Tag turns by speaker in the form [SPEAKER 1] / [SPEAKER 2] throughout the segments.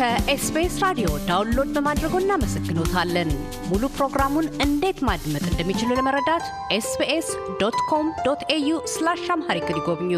[SPEAKER 1] ከኤስቢኤስ ራዲዮ ዳውንሎድ በማድረጎ እናመሰግኖታለን። ሙሉ ፕሮግራሙን እንዴት ማድመጥ እንደሚችሉ ለመረዳት ኤስቢኤስ ዶት ኮም ዶት ኤዩ ስላሽ አምሃሪክ ይጎብኙ።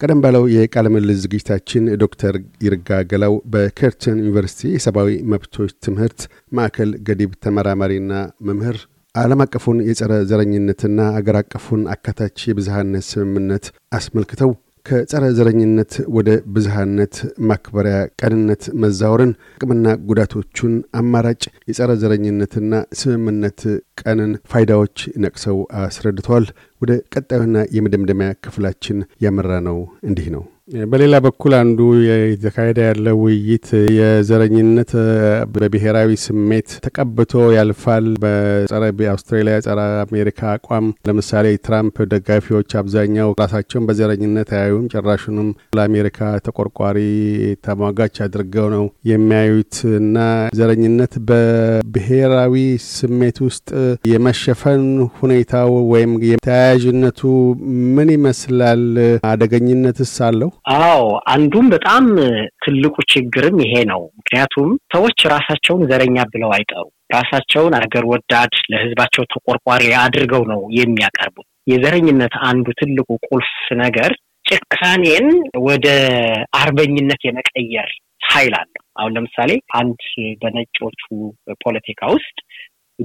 [SPEAKER 2] ቀደም ባለው የቃለ ምልልስ ዝግጅታችን ዶክተር ይርጋ ገላው በከርተን ዩኒቨርሲቲ የሰብአዊ መብቶች ትምህርት ማዕከል ገዲብ ተመራማሪና መምህር ዓለም አቀፉን የጸረ ዘረኝነትና አገር አቀፉን አካታች የብዝሃነት ስምምነት አስመልክተው ከጸረ ዘረኝነት ወደ ብዝሃነት ማክበሪያ ቀንነት መዛወርን፣ ጥቅምና ጉዳቶቹን፣ አማራጭ የጸረ ዘረኝነትና ስምምነት ቀንን ፋይዳዎች ነቅሰው አስረድተዋል። ወደ ቀጣዩና የመደምደሚያ ክፍላችን ያመራ ነው እንዲህ ነው። በሌላ በኩል አንዱ የተካሄደ ያለው ውይይት የዘረኝነት በብሔራዊ ስሜት ተቀብቶ ያልፋል። በጸረ አውስትራሊያ ጸረ አሜሪካ አቋም ለምሳሌ ትራምፕ ደጋፊዎች አብዛኛው ራሳቸውን በዘረኝነት አያዩም፣ ጭራሹንም ለአሜሪካ ተቆርቋሪ ተሟጋች አድርገው ነው የሚያዩት እና ዘረኝነት በብሔራዊ ስሜት ውስጥ የመሸፈን ሁኔታው ወይም ተያያዥነቱ ምን ይመስላል? አደገኝነትስ አለው? አዎ አንዱም
[SPEAKER 1] በጣም ትልቁ ችግርም ይሄ ነው። ምክንያቱም ሰዎች ራሳቸውን ዘረኛ ብለው አይጠሩ። ራሳቸውን አገር ወዳድ፣ ለህዝባቸው ተቆርቋሪ አድርገው ነው የሚያቀርቡት። የዘረኝነት አንዱ ትልቁ ቁልፍ ነገር ጭካኔን ወደ አርበኝነት የመቀየር ኃይል አለው። አሁን ለምሳሌ አንድ በነጮቹ ፖለቲካ ውስጥ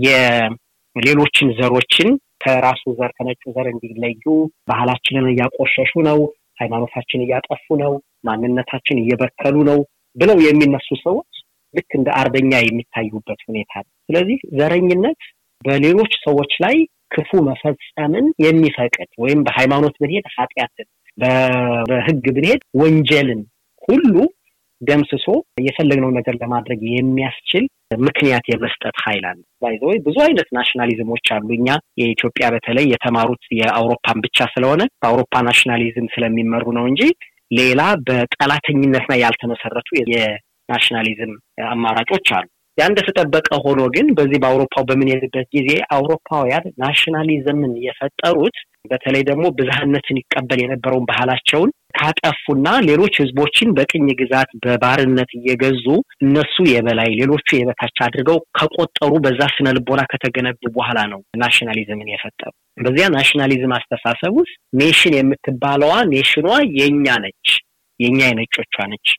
[SPEAKER 1] የሌሎችን ዘሮችን ከራሱ ዘር ከነጩ ዘር እንዲለዩ ባህላችንን እያቆሸሹ ነው፣ ሃይማኖታችን እያጠፉ ነው፣ ማንነታችን እየበከሉ ነው ብለው የሚነሱ ሰዎች ልክ እንደ አርበኛ የሚታዩበት ሁኔታ ነው። ስለዚህ ዘረኝነት በሌሎች ሰዎች ላይ ክፉ መፈጸምን የሚፈቅድ ወይም በሃይማኖት ብንሄድ ኃጢአትን፣ በህግ ብንሄድ ወንጀልን ሁሉ ደምስሶ የፈለግነው ነገር ለማድረግ የሚያስችል ምክንያት የመስጠት ኃይል አለ። ባይዘወይ ብዙ አይነት ናሽናሊዝሞች አሉ። እኛ የኢትዮጵያ በተለይ የተማሩት የአውሮፓን ብቻ ስለሆነ በአውሮፓ ናሽናሊዝም ስለሚመሩ ነው እንጂ ሌላ በጠላተኝነት ላይ ያልተመሰረቱ የናሽናሊዝም አማራጮች አሉ። ያ እንደተጠበቀ ሆኖ ግን በዚህ በአውሮፓው በምንሄድበት ጊዜ አውሮፓውያን ናሽናሊዝምን የፈጠሩት በተለይ ደግሞ ብዝሃነትን ይቀበል የነበረውን ባህላቸውን ካጠፉና ሌሎች ህዝቦችን በቅኝ ግዛት በባርነት እየገዙ እነሱ የበላይ ሌሎቹ የበታች አድርገው ከቆጠሩ በዛ ስነ ልቦና ከተገነቡ በኋላ ነው ናሽናሊዝምን የፈጠሩ። በዚያ ናሽናሊዝም አስተሳሰብ ውስጥ ኔሽን የምትባለዋ ኔሽኗ የእኛ ነች፣ የእኛ የነጮቿ ነች።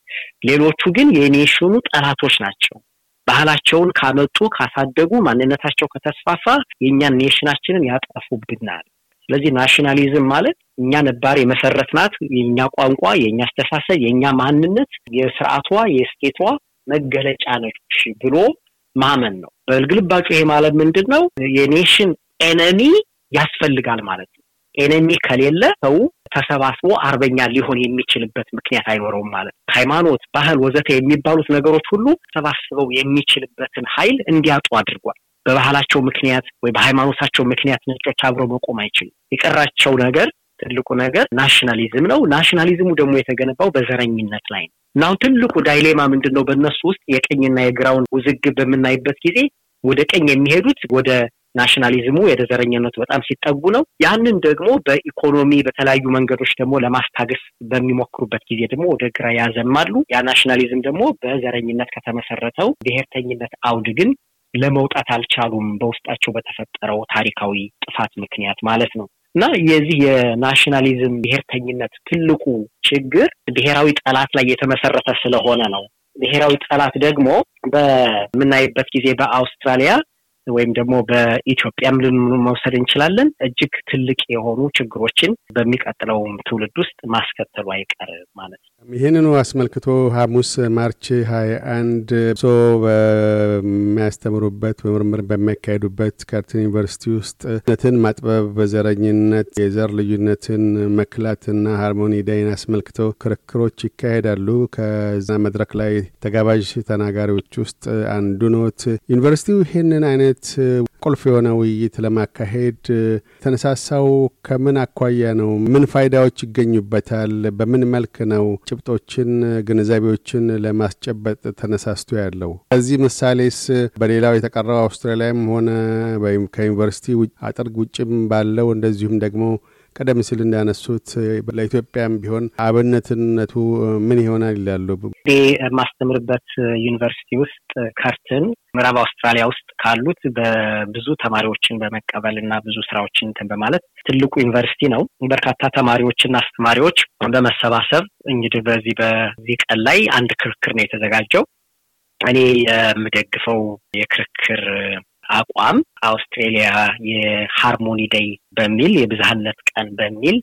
[SPEAKER 1] ሌሎቹ ግን የኔሽኑ ጠላቶች ናቸው። ባህላቸውን ካመጡ ካሳደጉ፣ ማንነታቸው ከተስፋፋ የእኛን ኔሽናችንን ያጠፉብናል። ስለዚህ ናሽናሊዝም ማለት እኛ ነባር የመሰረት ናት። የእኛ ቋንቋ፣ የእኛ አስተሳሰብ፣ የእኛ ማንነት የስርዓቷ የስቴቷ መገለጫ ነች ብሎ ማመን ነው። በግልባጩ ይሄ ማለት ምንድን ነው? የኔሽን ኤነሚ ያስፈልጋል ማለት ነው። ኤነሚ ከሌለ ሰው ተሰባስቦ አርበኛ ሊሆን የሚችልበት ምክንያት አይኖረውም ማለት ነው። ሃይማኖት፣ ባህል፣ ወዘተ የሚባሉት ነገሮች ሁሉ ተሰባስበው የሚችልበትን ኃይል እንዲያጡ አድርጓል። በባህላቸው ምክንያት ወይ በሃይማኖታቸው ምክንያት ነጮች አብረው መቆም አይችልም የቀራቸው ነገር ትልቁ ነገር ናሽናሊዝም ነው። ናሽናሊዝሙ ደግሞ የተገነባው በዘረኝነት ላይ ነው ናው ትልቁ ዳይሌማ ምንድን ነው? በእነሱ ውስጥ የቀኝና የግራውን ውዝግብ በምናይበት ጊዜ ወደ ቀኝ የሚሄዱት ወደ ናሽናሊዝሙ ወደ ዘረኝነቱ በጣም ሲጠጉ ነው። ያንን ደግሞ በኢኮኖሚ በተለያዩ መንገዶች ደግሞ ለማስታገስ በሚሞክሩበት ጊዜ ደግሞ ወደ ግራ ያዘማሉ። ያ ናሽናሊዝም ደግሞ በዘረኝነት ከተመሰረተው ብሔርተኝነት አውድ ግን ለመውጣት አልቻሉም፣ በውስጣቸው በተፈጠረው ታሪካዊ ጥፋት ምክንያት ማለት ነው። እና የዚህ የናሽናሊዝም ብሔርተኝነት ትልቁ ችግር ብሔራዊ ጠላት ላይ የተመሰረተ ስለሆነ ነው። ብሔራዊ ጠላት ደግሞ በምናይበት ጊዜ በአውስትራሊያ ወይም ደግሞ በኢትዮጵያም ልንመውሰድ እንችላለን እጅግ ትልቅ የሆኑ ችግሮችን በሚቀጥለውም ትውልድ ውስጥ ማስከተሉ አይቀርም ማለት
[SPEAKER 2] ነው። ይህንኑ አስመልክቶ ሐሙስ ማርች ሀያ አንድ ሶ በሚያስተምሩበት በምርምር በሚያካሄዱበት ካርትን ዩኒቨርሲቲ ውስጥ ነትን ማጥበብ በዘረኝነት የዘር ልዩነትን መክላትና ሃርሞኒ ዳይን አስመልክቶ ክርክሮች ይካሄዳሉ። ከዛ መድረክ ላይ ተጋባዥ ተናጋሪዎች ውስጥ አንዱ ኖት። ዩኒቨርሲቲው ይህንን አይነት አይነት ቁልፍ የሆነ ውይይት ለማካሄድ ተነሳሳው ከምን አኳያ ነው? ምን ፋይዳዎች ይገኙበታል? በምን መልክ ነው ጭብጦችን፣ ግንዛቤዎችን ለማስጨበጥ ተነሳስቶ ያለው? ከዚህ ምሳሌስ በሌላው የተቀረው አውስትራሊያም ሆነ ከዩኒቨርሲቲ አጥርግ ውጭም ባለው እንደዚሁም ደግሞ ቀደም ሲል እንዳነሱት ለኢትዮጵያም ቢሆን አብነትነቱ ምን ይሆናል ይላሉ።
[SPEAKER 1] ማስተምርበት ዩኒቨርሲቲ ውስጥ ከርትን ምዕራብ አውስትራሊያ ውስጥ ካሉት በብዙ ተማሪዎችን በመቀበል እና ብዙ ስራዎችን እንትን በማለት ትልቁ ዩኒቨርሲቲ ነው። በርካታ ተማሪዎችና አስተማሪዎች በመሰባሰብ እንግዲህ በዚህ በዚህ ቀን ላይ አንድ ክርክር ነው የተዘጋጀው። እኔ የምደግፈው የክርክር አቋም አውስትሬሊያ የሃርሞኒ ደይ በሚል የብዝሃነት ቀን በሚል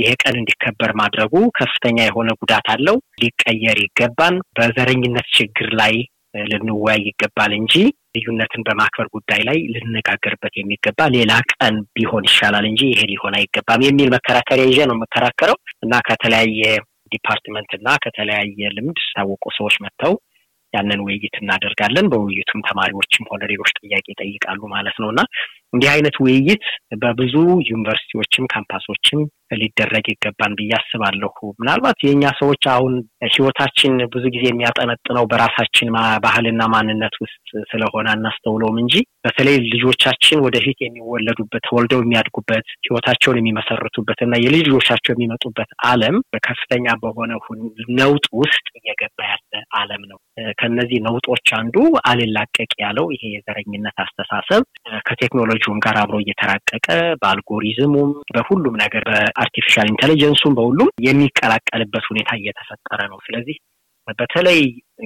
[SPEAKER 1] ይሄ ቀን እንዲከበር ማድረጉ ከፍተኛ የሆነ ጉዳት አለው፣ ሊቀየር ይገባን በዘረኝነት ችግር ላይ ልንወያይ ይገባል እንጂ ልዩነትን በማክበር ጉዳይ ላይ ልንነጋገርበት የሚገባ ሌላ ቀን ቢሆን ይሻላል እንጂ ይሄ ሊሆን አይገባም የሚል መከራከሪያ ይዤ ነው የምከራከረው እና ከተለያየ ዲፓርትመንት እና ከተለያየ ልምድ ታወቁ ሰዎች መጥተው ያንን ውይይት እናደርጋለን። በውይይቱም ተማሪዎችም ሆነ ሌሎች ጥያቄ ይጠይቃሉ ማለት ነው እና እንዲህ አይነት ውይይት በብዙ ዩኒቨርሲቲዎችም ካምፓሶችም ሊደረግ ይገባን ብዬ አስባለሁ። ምናልባት የእኛ ሰዎች አሁን ህይወታችን ብዙ ጊዜ የሚያጠነጥነው በራሳችን ባህልና ማንነት ውስጥ ስለሆነ አናስተውለውም እንጂ በተለይ ልጆቻችን ወደፊት የሚወለዱበት ተወልደው የሚያድጉበት ህይወታቸውን የሚመሰርቱበት እና የልጅ ልጆቻቸው የሚመጡበት አለም በከፍተኛ በሆነ ነውጥ ውስጥ እየገባ ያለ አለም ነው። ከነዚህ ነውጦች አንዱ አልላቀቅ ያለው ይሄ የዘረኝነት አስተሳሰብ ከቴክኖሎጂ ቴክኖሎጂውን ጋር አብሮ እየተራቀቀ በአልጎሪዝሙም፣ በሁሉም ነገር በአርቲፊሻል ኢንቴሊጀንሱም፣ በሁሉም የሚቀላቀልበት ሁኔታ እየተፈጠረ ነው። ስለዚህ በተለይ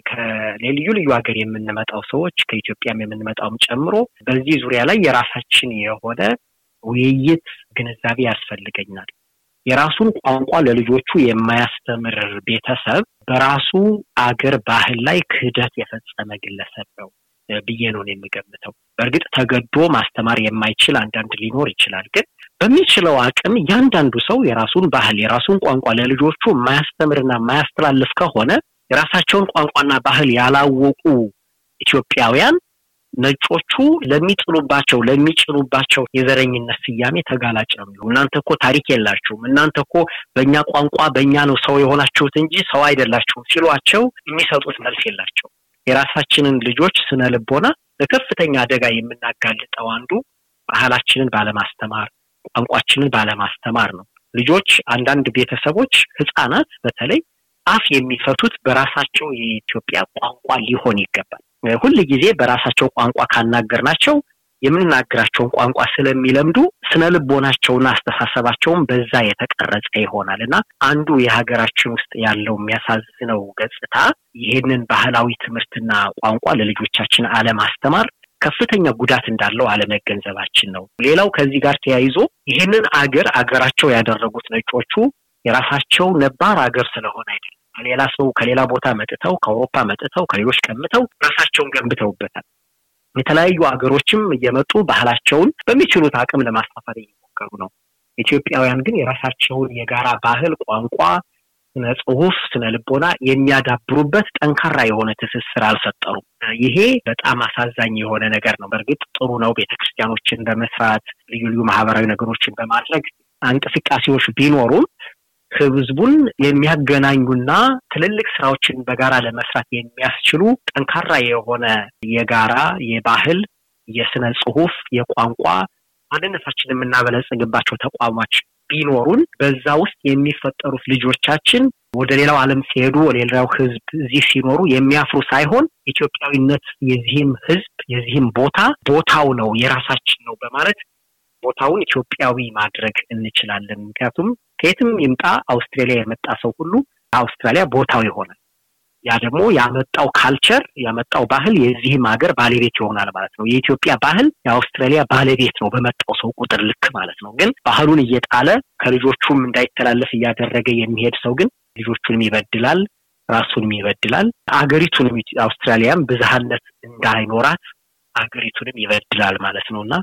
[SPEAKER 1] ከልዩ ልዩ ሀገር የምንመጣው ሰዎች ከኢትዮጵያም የምንመጣውም ጨምሮ በዚህ ዙሪያ ላይ የራሳችን የሆነ ውይይት፣ ግንዛቤ ያስፈልገኛል። የራሱን ቋንቋ ለልጆቹ የማያስተምር ቤተሰብ በራሱ አገር ባህል ላይ ክህደት የፈጸመ ግለሰብ ነው። ብዬ ነው የሚገምተው። በእርግጥ ተገዶ ማስተማር የማይችል አንዳንድ ሊኖር ይችላል። ግን በሚችለው አቅም እያንዳንዱ ሰው የራሱን ባህል፣ የራሱን ቋንቋ ለልጆቹ የማያስተምርና የማያስተላልፍ ከሆነ የራሳቸውን ቋንቋና ባህል ያላወቁ ኢትዮጵያውያን ነጮቹ ለሚጥሉባቸው ለሚጭኑባቸው የዘረኝነት ስያሜ ተጋላጭ ነው የሚሉ እናንተ እኮ ታሪክ የላችሁም፣ እናንተ እኮ በእኛ ቋንቋ በእኛ ነው ሰው የሆናችሁት እንጂ ሰው አይደላችሁም ሲሏቸው የሚሰጡት መልስ የላቸው። የራሳችንን ልጆች ስነ ልቦና ለከፍተኛ አደጋ የምናጋልጠው አንዱ ባህላችንን ባለማስተማር፣ ቋንቋችንን ባለማስተማር ነው። ልጆች አንዳንድ ቤተሰቦች ህፃናት በተለይ አፍ የሚፈቱት በራሳቸው የኢትዮጵያ ቋንቋ ሊሆን ይገባል። ሁል ጊዜ በራሳቸው ቋንቋ ካናገር ናቸው። የምንናገራቸውን ቋንቋ ስለሚለምዱ ስነ ልቦናቸውና አስተሳሰባቸውን በዛ የተቀረጸ ይሆናል እና አንዱ የሀገራችን ውስጥ ያለው የሚያሳዝነው ገጽታ ይህንን ባህላዊ ትምህርትና ቋንቋ ለልጆቻችን አለማስተማር ከፍተኛ ጉዳት እንዳለው አለመገንዘባችን ነው። ሌላው ከዚህ ጋር ተያይዞ ይህንን አገር አገራቸው ያደረጉት ነጮቹ የራሳቸው ነባር አገር ስለሆነ አይደለም። ከሌላ ሰው ከሌላ ቦታ መጥተው ከአውሮፓ መጥተው ከሌሎች ቀምተው ራሳቸውን ገንብተውበታል። የተለያዩ ሀገሮችም እየመጡ ባህላቸውን በሚችሉት አቅም ለማስፋፋት እየሞከሩ ነው። ኢትዮጵያውያን ግን የራሳቸውን የጋራ ባህል፣ ቋንቋ፣ ስነ ጽሁፍ፣ ስነ ልቦና የሚያዳብሩበት ጠንካራ የሆነ ትስስር አልፈጠሩም። ይሄ በጣም አሳዛኝ የሆነ ነገር ነው። በእርግጥ ጥሩ ነው ቤተክርስቲያኖችን በመስራት ልዩ ልዩ ማህበራዊ ነገሮችን በማድረግ እንቅስቃሴዎች ቢኖሩም ህዝቡን የሚያገናኙና ትልልቅ ስራዎችን በጋራ ለመስራት የሚያስችሉ ጠንካራ የሆነ የጋራ የባህል፣ የስነ ጽሁፍ፣ የቋንቋ ማንነታችን የምናበለጽግባቸው ተቋማች ቢኖሩን በዛ ውስጥ የሚፈጠሩት ልጆቻችን ወደ ሌላው አለም ሲሄዱ ሌላው ህዝብ እዚህ ሲኖሩ የሚያፍሩ ሳይሆን ኢትዮጵያዊነት የዚህም ህዝብ የዚህም ቦታ ቦታው ነው የራሳችን ነው በማለት ቦታውን ኢትዮጵያዊ ማድረግ እንችላለን። ምክንያቱም ከየትም ይምጣ አውስትራሊያ የመጣ ሰው ሁሉ አውስትራሊያ ቦታው ይሆናል። ያ ደግሞ ያመጣው ካልቸር ያመጣው ባህል የዚህም ሀገር ባለቤት ይሆናል ማለት ነው። የኢትዮጵያ ባህል የአውስትራሊያ ባለቤት ነው በመጣው ሰው ቁጥር ልክ ማለት ነው። ግን ባህሉን እየጣለ ከልጆቹም እንዳይተላለፍ እያደረገ የሚሄድ ሰው ግን ልጆቹንም ይበድላል፣ ራሱንም ይበድላል። አገሪቱንም አውስትራሊያም ብዝሃነት እንዳይኖራት አገሪቱንም ይበድላል ማለት ነው እና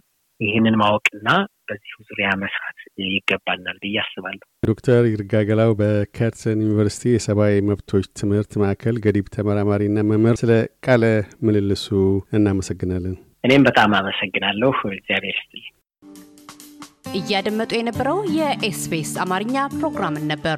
[SPEAKER 1] ይህንን ማወቅና በዚሁ ዙሪያ መስራት ይገባናል ብዬ አስባለሁ።
[SPEAKER 2] ዶክተር ይርጋገላው በካትሰን ዩኒቨርሲቲ የሰብአዊ መብቶች ትምህርት ማዕከል ገዲብ ተመራማሪና መምህር፣ ስለ ቃለ ምልልሱ እናመሰግናለን።
[SPEAKER 1] እኔም በጣም አመሰግናለሁ። እግዚአብሔር ስል እያደመጡ የነበረው የኤስቢኤስ አማርኛ ፕሮግራምን ነበር።